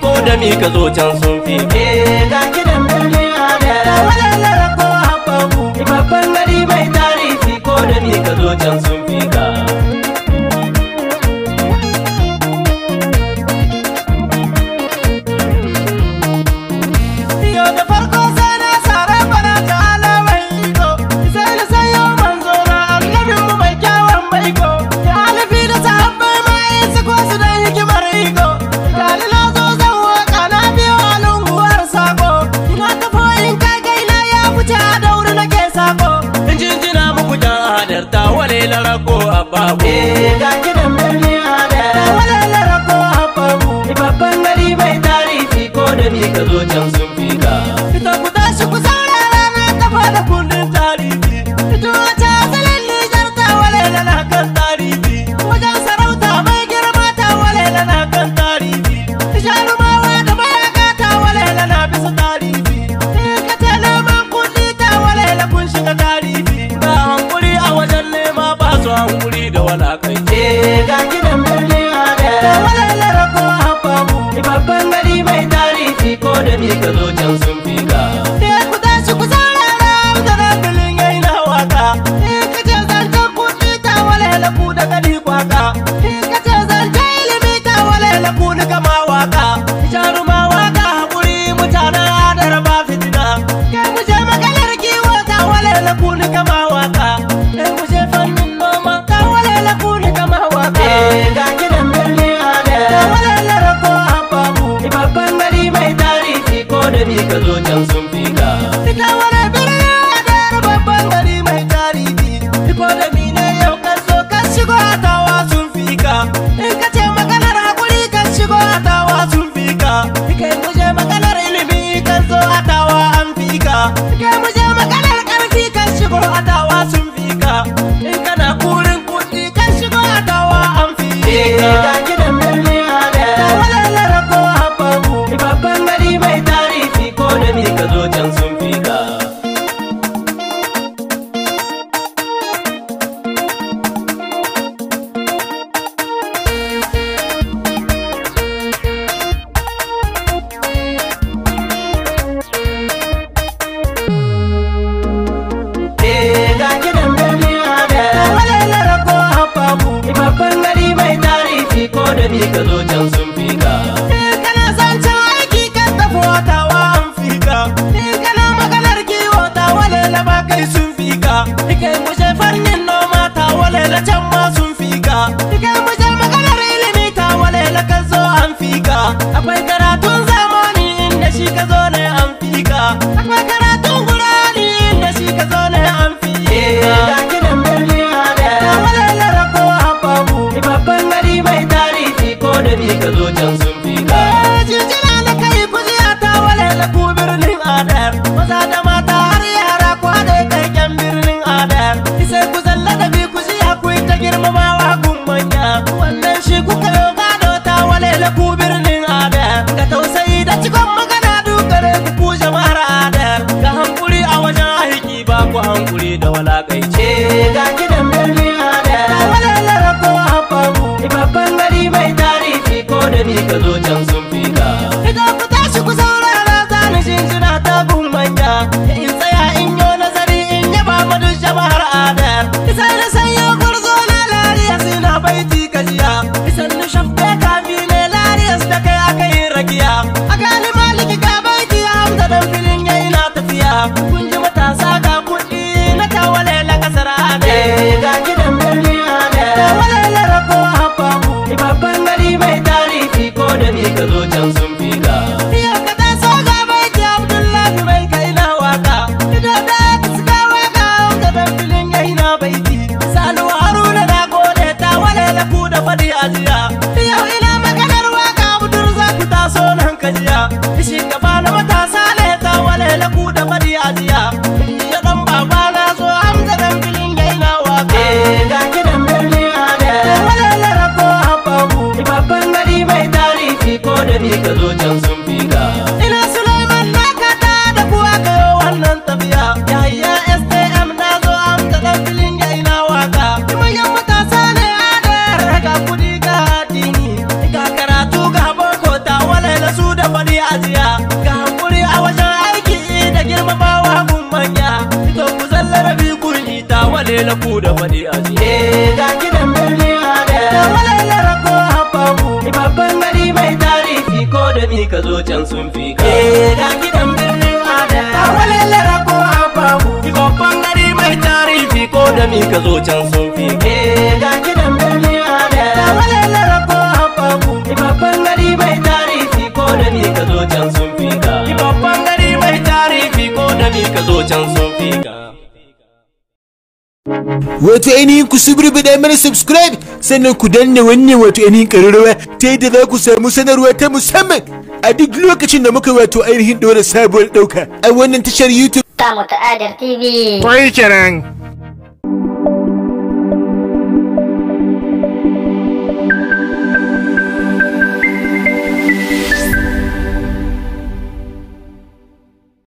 姑娘们可多情，兄弟们。da a eh, da. Ni gari mai tarihi ko da ni ka zo can sun ka. Fita ku tashi kusa ku da gani kwaka in ka ce zance ilimi ta wale na ku ni kama waka sharu ma waka hakuri mutane adar ba fitina kai mu je maganar kiwo ta wale na ku ni kama waka kai mu je fannin noma ta wale na ku ni kama waka eh ga gidan birni ade ta wale na rako hababu babban gari mai tarihi ko da ni ka zo can sun fi fika ta wale ke mu je maganar ƙarfi kan shigo adawa sun fika in kana kurin kuɗi kan shigo adawa an fika ka zo ne an fi ka akwai karatun inda shi ka zo ne an fi ka eh, babban mai tarihi ko ka zo can sun fi ka eh, na kai kuzi a ta walala ku birnin adar maza da ka can sun fi ka biyar ka ta so ga bai ki abdullahi bai ka ina waka ido da ka suka waka ka dan filin ya ina baiti salu haruna na gode ta wale da ku da fadi ajiya ne na ku da faɗi a ji. Eh ga gidan birni a da. Da walalar ko haɓaku. Babban gari mai tarihi ko da ni ka zo can sun fi ka. Eh ga gidan birni a da. Da walalar ko haɓaku. Babban gari mai tarihi ko da ni ka zo can. wato ainihin ku subirbida mana subscribe sannan ku danna wannan wato ainihin ƙararrawa ta da za ku samu sanarwa ta musamman a duk lokacin da muka wato ainihin ɗora sabuwar ɗauka a wannan tashar YouTube. Ta mutu Adar TV. Kwai kenan.